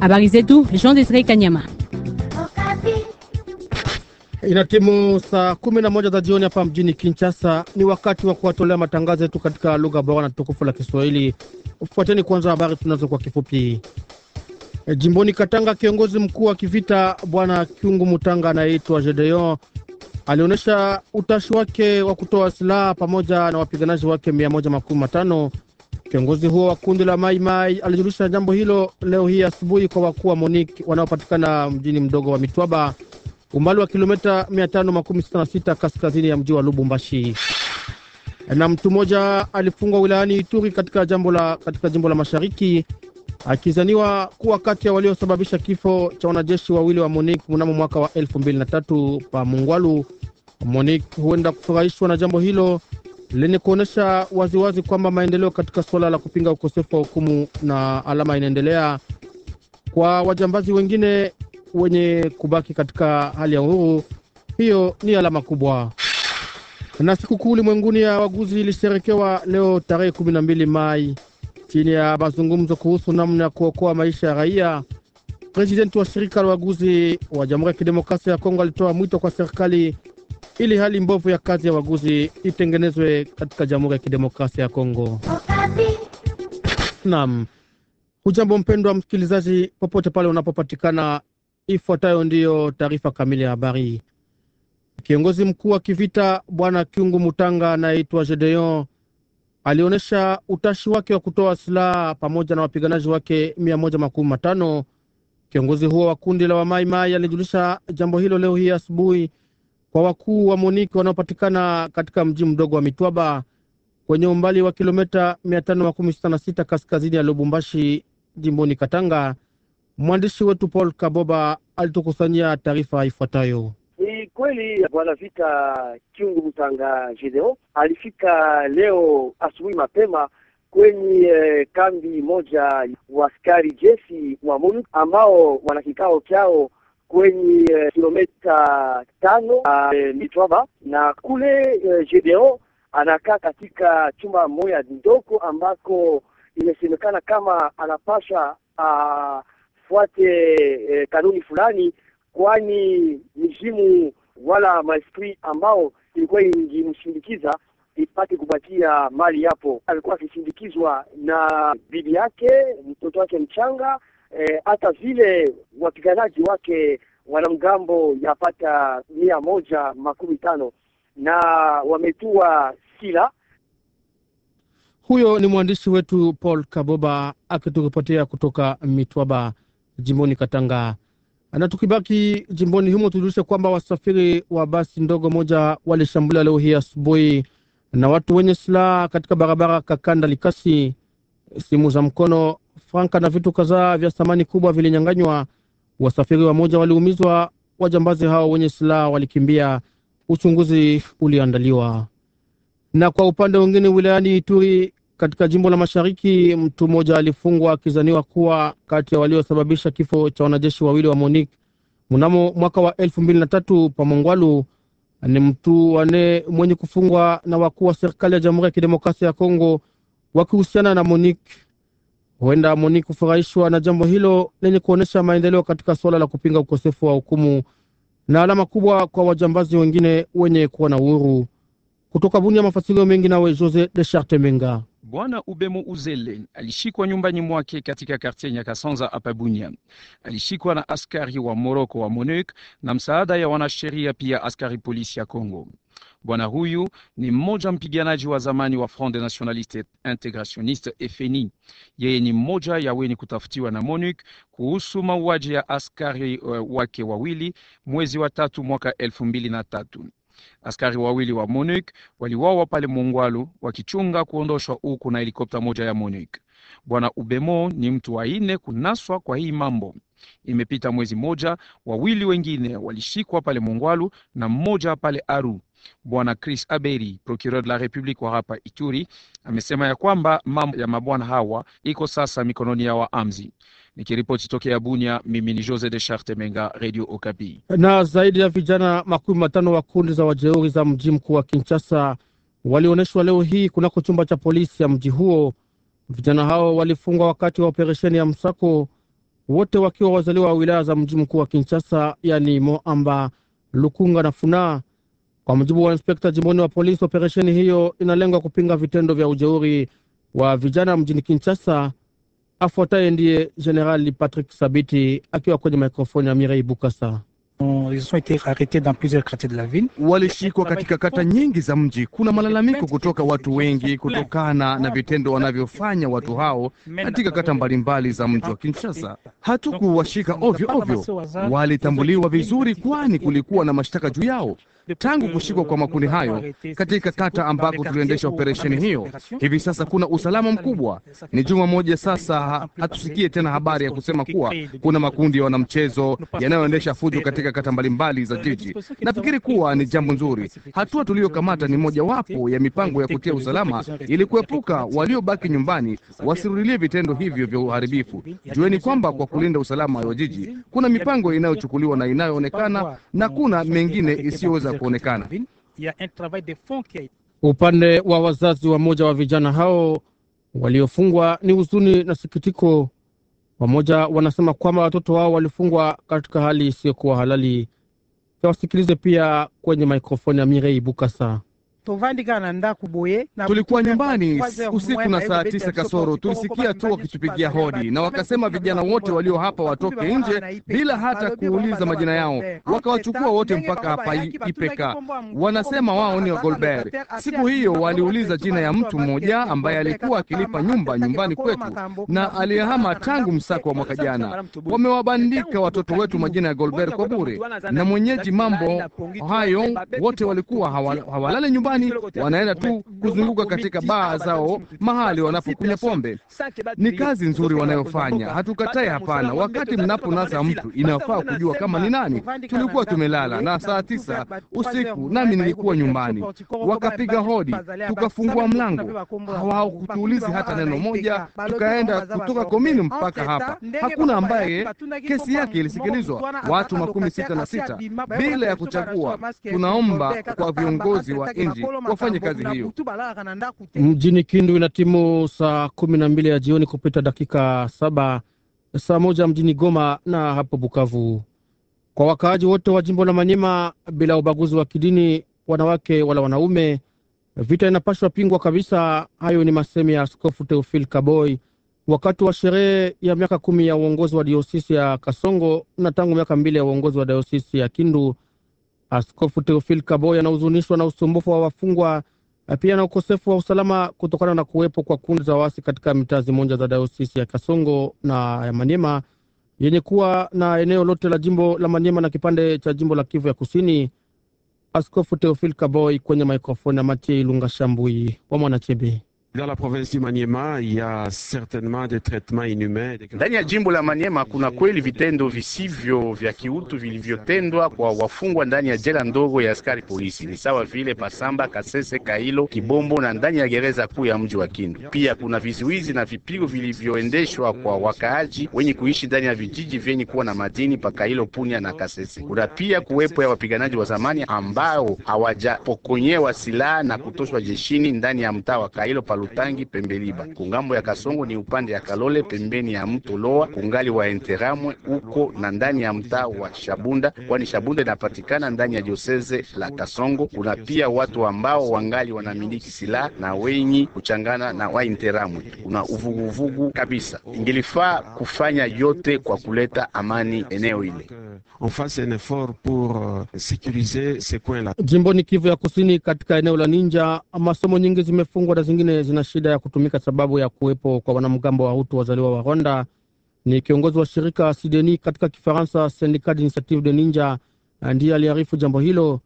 Habari zetu Jean Desire Kanyama. Inatimu saa kumi na moja za jioni hapa mjini Kinshasa. Ni wakati wa kuwatolea matangazo yetu katika lugha bora na tukufu la Kiswahili. Fuateni kwanza habari tunazo kwa kifupi. E, jimboni Katanga, kiongozi mkuu wa kivita bwana kiungu Mutanga anayeitwa Gedeon alionyesha utashi wake wa kutoa silaha pamoja na wapiganaji wake mia moja makumi matano Kiongozi huo wa kundi la Maimai alijulisha jambo hilo leo hii asubuhi kwa wakuu wa MONUC wanaopatikana mjini mdogo wa Mitwaba, umbali wa kilomita 566 kaskazini ya mji wa Lubumbashi. Na mtu mmoja alifungwa wilayani Ituri katika jimbo la, katika jimbo la mashariki akizaniwa kuwa kati ya waliosababisha kifo cha wanajeshi wawili wa MONUC mnamo mwaka wa 2003 pa Mungwalu. MONUC huenda kufurahishwa na jambo hilo lenye kuonyesha waziwazi kwamba maendeleo katika suala la kupinga ukosefu wa hukumu na alama inaendelea kwa wajambazi wengine wenye kubaki katika hali ya uhuru. Hiyo ni alama kubwa. Na sikukuu ulimwenguni ya waguzi ilisherekewa leo tarehe 12 Mai chini ya mazungumzo kuhusu namna ya kuokoa maisha ya raia. Presidenti wa shirika la waguzi wa Jamhuri ya Kidemokrasia ya Kongo alitoa mwito kwa serikali ili hali mbovu ya kazi ya waguzi itengenezwe katika Jamhuri ya Kidemokrasia ya Kongo. Naam, hujambo mpendwa msikilizaji, popote pale unapopatikana, ifuatayo ndiyo taarifa kamili ya habari. Kiongozi mkuu wa kivita Bwana Kyungu Mutanga anayeitwa Gedeon alionyesha utashi wake wa kutoa silaha pamoja na wapiganaji wake mia moja makumi matano. Kiongozi huo wa kundi la Wamaimai alijulisha jambo hilo leo hii asubuhi kwa wakuu wa MONUC wanaopatikana katika mji mdogo wa Mitwaba kwenye umbali wa kilomita 516 kaskazini ya Lubumbashi, jimboni Katanga. Mwandishi wetu Paul Kaboba alitukusanyia taarifa ifuatayo. Ni kweli bwana vita Kiungu Mutanga Gideo alifika leo asubuhi mapema kwenye eh, kambi moja wa askari jeshi wa MONUC ambao wana kikao chao kwenye eh, kilomita tano eh, mitwaba na kule eh, Gedeon anakaa katika chumba moja ndogo ambako imesemekana kama anapasha ah, afuate eh, kanuni fulani, kwani mizimu wala maesprit ambao ilikuwa ingimsindikiza ipate kupatia mali yapo. Alikuwa akisindikizwa na bibi yake, mtoto wake mchanga Eh, hata e, vile wapiganaji wake wanamgambo yapata mia moja makumi tano na wametua sila. Huyo ni mwandishi wetu Paul Kaboba akituripotea kutoka Mitwaba jimboni Katanga. Na tukibaki jimboni humo, tujulishe kwamba wasafiri wa basi ndogo moja walishambulia leo hii asubuhi na watu wenye silaha katika barabara Kakanda Likasi. Simu za mkono franka na vitu kadhaa vya thamani kubwa vilinyanganywa. Wasafiri wamoja waliumizwa, wajambazi hao wenye silaha walikimbia. Uchunguzi uliandaliwa. Na kwa upande mwingine, wilayani Ituri katika jimbo la Mashariki, mtu mmoja alifungwa akizaniwa kuwa kati ya waliosababisha kifo cha wanajeshi wawili wa MONUC mnamo mwaka wa elfu mbili na tatu Pamongwalu Ni mtu wane mwenye kufungwa na wakuu wa serikali ya Jamhuri ya Kidemokrasia ya Kongo wakihusiana na MONUC. Huenda amoni kufurahishwa na jambo hilo lenye kuonyesha maendeleo katika suala la kupinga ukosefu wa hukumu na alama kubwa kwa wajambazi wengine wenye kuwa na uhuru. Kutoka Bunia, mafasilio mengi nawe Jose de Charte Menga. Bwana Ubemo Uzele alishikwa nyumbani mwake katika kartie Nyakasanza hapa Bunia. Alishikwa na askari wa Moroko wa MONUC na msaada ya wanasheria pia askari polisi ya congo Bwana huyu ni mmoja mpiganaji wa zamani wa Front Nationaliste Integrationiste FNI. Yeye ni mmoja ya wenye kutafutiwa na MONUC kuhusu mauaji ya askari uh, wake wawili mwezi wa tatu mwaka elfu mbili na tatu. Askari wawili wa MONUC waliwawa pale Mongwalu wakichunga kuondoshwa huku na helikopta moja ya MONUC. Bwana Ubemo ni mtu wa ine kunaswa kwa hii mambo. Imepita mwezi moja, wawili wengine walishikwa pale Mongwalu na mmoja pale Aru. Bwana Chris Aberi, procureur de la republique wa hapa Ituri, amesema ya kwamba mambo ya mabwana hawa iko sasa mikononi ya waamzi. Nikiripoti tokea Bunia, mimi ni Jose de Charte Menga, Radio Okapi. Na zaidi ya vijana makumi matano wa kundi za wajeuri za mji mkuu wa Kinshasa walionyeshwa leo hii kunako chumba cha polisi ya mji huo. Vijana hao walifungwa wakati wa operesheni ya msako, wote wakiwa wazaliwa wa wilaya za mji mkuu wa Kinshasa, yani Moamba, Lukunga na Funaa. Kwa mujibu wa inspekta jimboni wa polisi, operesheni hiyo inalenga kupinga vitendo vya ujeuri wa vijana mjini Kinshasa. Afuataye ndiye Jenerali Patrick Sabiti akiwa kwenye mikrofoni ya Mirei Bukasa. Walishikwa katika kata nyingi za mji. Kuna malalamiko kutoka watu wengi kutokana na vitendo wanavyofanya watu hao katika kata mbalimbali za mji wa Kinshasa. Hatukuwashika ovyo ovyo, walitambuliwa vizuri, kwani kulikuwa na mashtaka juu yao. Tangu kushikwa kwa makundi hayo katika kata ambako tuliendesha operesheni hiyo, hivi sasa kuna usalama mkubwa. Ni juma moja sasa hatusikie tena habari ya kusema kuwa kuna makundi ya wanamchezo yanayoendesha fujo katika kata mbalimbali za jiji. Nafikiri kuwa ni jambo nzuri. Hatua tuliyokamata ni mojawapo ya mipango ya kutia usalama ili kuepuka waliobaki nyumbani wasirudilie vitendo hivyo vya uharibifu. Jueni kwamba kwa kulinda usalama wa jiji kuna mipango inayochukuliwa na inayoonekana na kuna mengine isiyoweza kuonekana upande wa wazazi wa moja wa vijana hao waliofungwa. Ni huzuni na sikitiko. Wamoja wanasema kwamba watoto wao walifungwa katika hali isiyokuwa halali. Tawasikilize pia kwenye maikrofoni ya Mirei Bukasa. Tulikuwa nyumbani usiku na saa tisa kasoro, tulisikia tu wakitupigia hodi na wakasema vijana wote walio hapa watoke nje bila hata kuuliza majina yao, wakawachukua wote mpaka hapa Ipeka. Wanasema wao ni Golbert. Siku hiyo waliuliza jina ya mtu mmoja ambaye alikuwa akilipa nyumba nyumbani kwetu na aliyehama tangu msako wa mwaka jana. Wamewabandika watoto wetu majina ya Golbert kwa bure, na mwenyeji mambo hayo wote walikuwa hawalale nyumbani nyumbani, wanaenda tu kuzunguka katika baa zao, mahali wanapokunywa pombe. Ni kazi nzuri wanayofanya, hatukatai, hapana. Wakati mnaponasa mtu, inafaa kujua kama ni nani. Tulikuwa tumelala na saa tisa usiku, nami nilikuwa nyumbani, wakapiga hodi, tukafungua mlango, hawakutuulizi hata neno moja. Tukaenda kutoka Komini mpaka hapa, hakuna ambaye kesi yake ilisikilizwa. Watu makumi sita na sita bila ya kuchagua. Tunaomba kwa viongozi wa nchi wafanye kazi hiyo. Mjini Kindu ina timu saa kumi na mbili ya jioni kupita dakika saba, saa moja mjini Goma na hapo Bukavu. Kwa wakaaji wote wa jimbo la Manyema bila ubaguzi wa kidini, wanawake wala wanaume, vita inapashwa pingwa kabisa. Hayo ni masemi ya Askofu Teofil Kaboy wakati wa sherehe ya miaka kumi ya uongozi wa diosisi ya Kasongo na tangu miaka mbili ya uongozi wa diosisi ya Kindu Askofu Teofil Kaboy anahuzunishwa na usumbufu wa wafungwa pia na ukosefu wa usalama kutokana na kuwepo kwa kundi za waasi katika mitaa zimoja za dayosisi ya Kasongo na ya Maniema yenye kuwa na eneo lote la jimbo la Maniema na kipande cha jimbo la Kivu ya Kusini. Askofu Teofil Kaboy kwenye mikrofoni ya Matie Ilunga Shambui wa Mwanachebe. Dans la province du Maniema, il y a certainement des traitements inhumains. Ndani ya jimbo la Maniema kuna kweli vitendo visivyo vya kiutu vilivyotendwa kwa wafungwa ndani ya jela ndogo ya askari polisi, ni sawa vile Pasamba, Kasese, Kailo, Kibombo na ndani ya gereza kuu ya mji wa Kindu. Pia kuna vizuizi na vipigo vilivyoendeshwa kwa wakaaji wenye kuishi ndani ya vijiji vyenye kuwa na madini pa Kailo, Punya na Kasese. Kuna pia kuwepo ya wapiganaji wa zamani ambao hawajapokonyewa silaha na kutoshwa jeshini ndani ya mtaa wa Kailo palu Lutangi Pembeliba, kungambo ya Kasongo ni upande ya Kalole pembeni ya mto Loa, kungali wa Enteramwe huko na ndani ya mtaa wa Shabunda, kwani Shabunda inapatikana ndani ya joseze la Kasongo. Kuna pia watu ambao wangali wanamiliki silaha na wenyi kuchangana na wa Enteramwe, kuna uvuguvugu kabisa. Ingilifaa kufanya yote kwa kuleta amani eneo ile. Euh, Jimboni Kivu ya Kusini, katika eneo la Ninja, masomo nyingi zimefungwa na zingine zina shida ya kutumika sababu ya kuwepo kwa wanamgambo wa Hutu wazaliwa wa Rwanda. Ni kiongozi wa shirika Sideni katika Kifaransa, Syndicat d'Initiative de Ninja, ndiye aliarifu jambo hilo.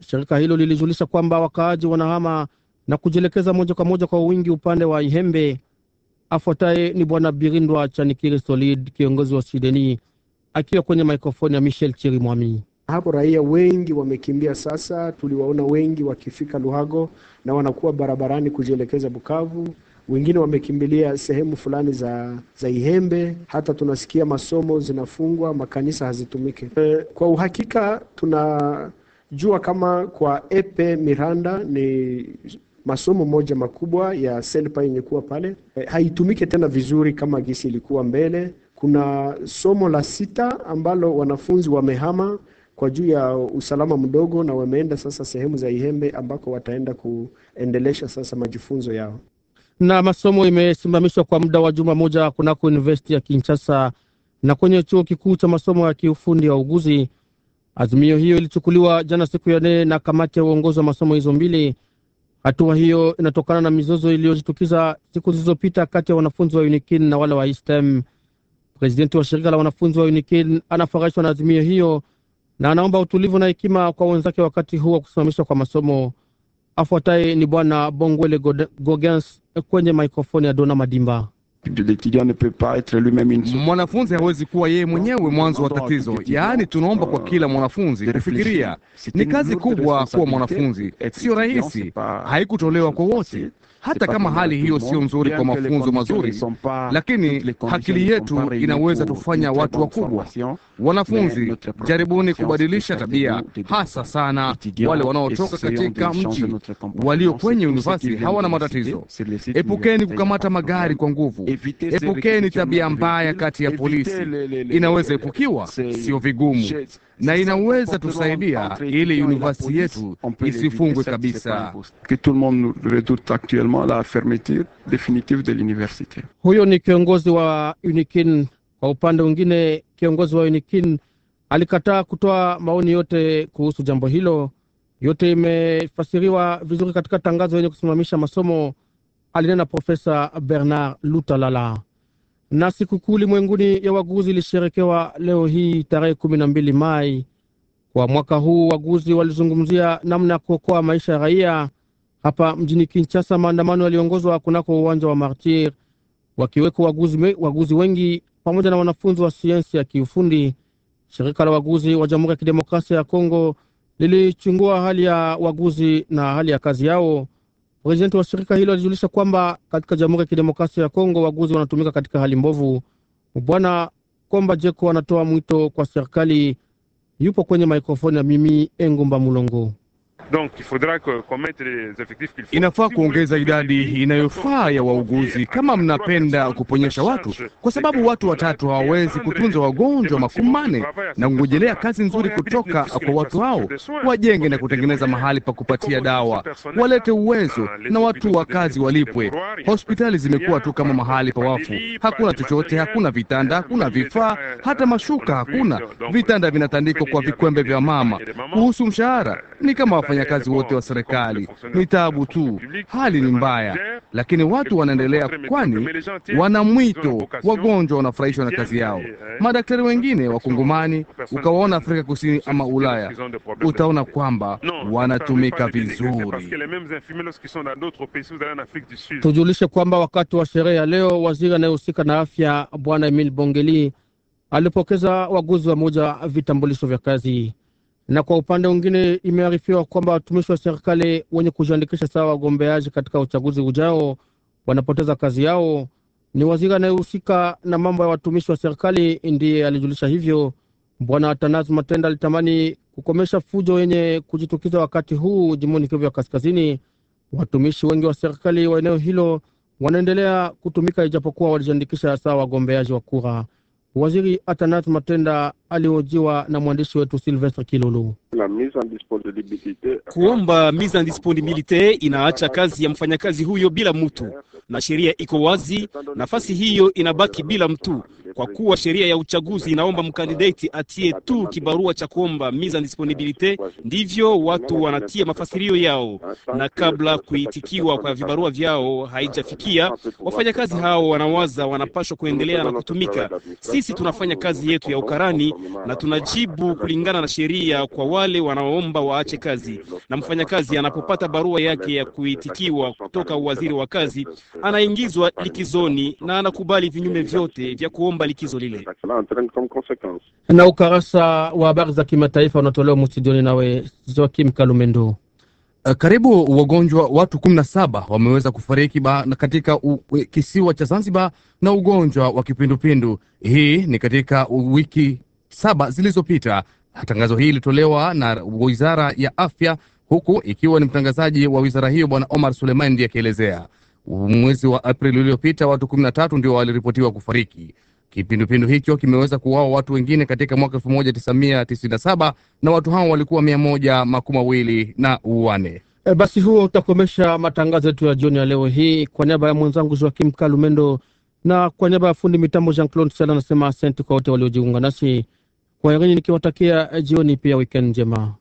Shirika hilo lilijulisha kwamba wakaaji wanahama na kujielekeza moja kwa moja kwa wingi upande wa Ihembe. Afuataye ni Bwana Birindwa Chanikiri Solid, kiongozi wa Sideni, akiwa kwenye mikrofoni ya Michel Chirimwami hapo raia wengi wamekimbia sasa. Tuliwaona wengi wakifika Luhago na wanakuwa barabarani kujielekeza Bukavu, wengine wamekimbilia sehemu fulani za, za Ihembe. Hata tunasikia masomo zinafungwa, makanisa hazitumiki. E, kwa uhakika tunajua kama kwa Epe Miranda ni masomo moja makubwa ya Selpa yenye kuwa pale e, haitumike tena vizuri kama gisi ilikuwa mbele. Kuna somo la sita ambalo wanafunzi wamehama kwa juu ya usalama mdogo, na wameenda sasa sehemu za Ihembe ambako wataenda kuendelesha sasa majifunzo yao. Na masomo imesimamishwa kwa muda wa juma moja kunako university ya Kinshasa na kwenye chuo kikuu cha masomo ya kiufundi ya uguzi. Azimio hiyo ilichukuliwa jana siku ya nne na kamati ya uongozi wa masomo hizo mbili. Hatua hiyo inatokana na mizozo iliyojitukiza siku zilizopita kati ya wanafunzi wa UNIKIN na wale wa ISTEM. Presidenti wa shirika la wanafunzi wa UNIKIN anafurahishwa na azimio hiyo na anaomba utulivu na hekima kwa wenzake wakati huu wa kusimamishwa kwa masomo. Afuataye ni Bwana Bongwele Gogens kwenye mikrofoni ya Dona Madimba. Mwanafunzi hawezi kuwa yeye mwenyewe mwanzo wa tatizo, yaani tunaomba kwa kila mwanafunzi kufikiria. Ni kazi kubwa kuwa mwanafunzi, sio rahisi, haikutolewa kwa wote hata kama hali hiyo sio nzuri kwa yaani mafunzo mazuri, lakini akili yetu inaweza tufanya watu wakubwa. Wanafunzi, jaribuni kubadilisha tabia, hasa sana wale wanaotoka katika mji. Walio kwenye univasi hawana matatizo. Epukeni kukamata magari kwa nguvu, epukeni tabia mbaya kati ya polisi. Inaweza epukiwa, sio vigumu na inaweza tusaidia ili univasi yetu isifungwe kabisa. Huyo ni kiongozi wa UNIKIN. Kwa upande mwingine, kiongozi wa UNIKIN alikataa kutoa maoni yote kuhusu jambo hilo. Yote imefasiriwa vizuri katika tangazo lenye kusimamisha masomo, alinena Profesa Bernard Lutalala na sikukuu ulimwenguni ya waguzi ilisherekewa leo hii tarehe kumi na mbili Mai. Kwa mwaka huu waguzi walizungumzia namna ya kuokoa maisha ya raia. Hapa mjini Kinshasa, maandamano yaliongozwa kunako uwanja wa Martir, wakiweko waguzi, waguzi wengi pamoja na wanafunzi wa sayansi ya kiufundi. Shirika la waguzi wa Jamhuri ya Kidemokrasia ya Kongo lilichungua hali ya waguzi na hali ya kazi yao. Prezidenti wa shirika hilo alijulisha kwamba katika Jamhuri ya Kidemokrasia ya Kongo waguzi wanatumika katika hali mbovu. Bwana Komba Jeko anatoa mwito kwa serikali, yupo kwenye mikrofoni ya mimi Engumba Mulongo. Donc, il faudra qu'on mette les effectifs qu'il faut. Inafaa kuongeza idadi inayofaa ya wauguzi kama mnapenda kuponyesha watu, kwa sababu watu watatu hawawezi kutunza wagonjwa makumi manne, na kungojelea kazi nzuri kutoka kwa watu hao. Wajenge na kutengeneza mahali pa kupatia dawa, walete uwezo na watu wa kazi walipwe. Hospitali zimekuwa tu kama mahali pa wafu, hakuna chochote, hakuna vitanda, hakuna vifaa, hata mashuka hakuna. Vitanda vinatandikwa kwa vikwembe vya mama. Kuhusu mshahara ni kama wafanyakazi wote wa serikali. Ni tabu tu, hali ni mbaya, lakini watu wanaendelea, kwani wana mwito. Wagonjwa wanafurahishwa na kazi yao. Eh, Madaktari wengine wakongomani, ukawaona Afrika Kusini ama Ulaya, utaona kwamba wanatumika vizuri. Tujulishe kwamba wakati wa sherehe ya leo waziri anayehusika na afya Bwana Emil Bongeli alipokeza waguzi wa moja vitambulisho vya kazi na kwa upande mwingine imearifiwa kwamba watumishi wa serikali wenye kujiandikisha sawa wagombeaji katika uchaguzi ujao wanapoteza kazi yao. Ni waziri anayehusika na mambo ya watumishi wa serikali ndiye alijulisha hivyo. Bwana Atanas Matenda alitamani kukomesha fujo yenye kujitukiza wakati huu jimboni Kivu ya Kaskazini. Watumishi wengi wa serikali wa eneo hilo wanaendelea kutumika ijapokuwa walijiandikisha sawa wagombeaji wa kura. Waziri Atanas Matenda alihojiwa na mwandishi wetu Silvestre Kilolo. Kuomba mise en disponibilite inaacha kazi ya mfanyakazi huyo bila mtu, na sheria iko wazi, nafasi hiyo inabaki bila mtu kwa kuwa sheria ya uchaguzi inaomba mkandidati atie tu kibarua cha kuomba mise en disponibilite, ndivyo watu wanatia mafasirio yao, na kabla kuitikiwa kwa vibarua vyao haijafikia, wafanyakazi hao wanawaza wanapashwa kuendelea na kutumika. Sisi tunafanya kazi yetu ya ukarani na tunajibu kulingana na sheria kwa wale wanaoomba waache kazi, na mfanyakazi anapopata barua yake ya kuitikiwa kutoka waziri wa kazi anaingizwa likizoni na anakubali vinyume vyote vya kuomba likizo lile, Na ukarasa wa habari za kimataifa unatolewa mustudioni nawe Joakim Kalumendo. Uh, karibu wagonjwa watu kumi na saba wameweza kufariki ba, katika u, kisiwa cha Zanzibar na ugonjwa wa kipindupindu. Hii ni katika wiki saba zilizopita. Tangazo hii ilitolewa na Wizara ya Afya huku ikiwa ni mtangazaji wa wizara hiyo Bwana Omar Suleimani ndiye akielezea. Mwezi wa Aprili uliopita watu kumi na tatu ndio waliripotiwa kufariki. Kipindupindu hicho kimeweza kuwaua watu wengine katika mwaka tisini na watu hao walikuwa mia moja makumi mawili na uane E, eh, basi huo utakomesha matangazo yetu ya jioni ya leo hii. Kwa niaba ya mwenzangu Joakim Kalumendo na kwa niaba ya fundi mitambo Jean Claude Sala anasema asante kwa wote waliojiunga nasi kwa herini, nikiwatakia jioni pia wikendi njema.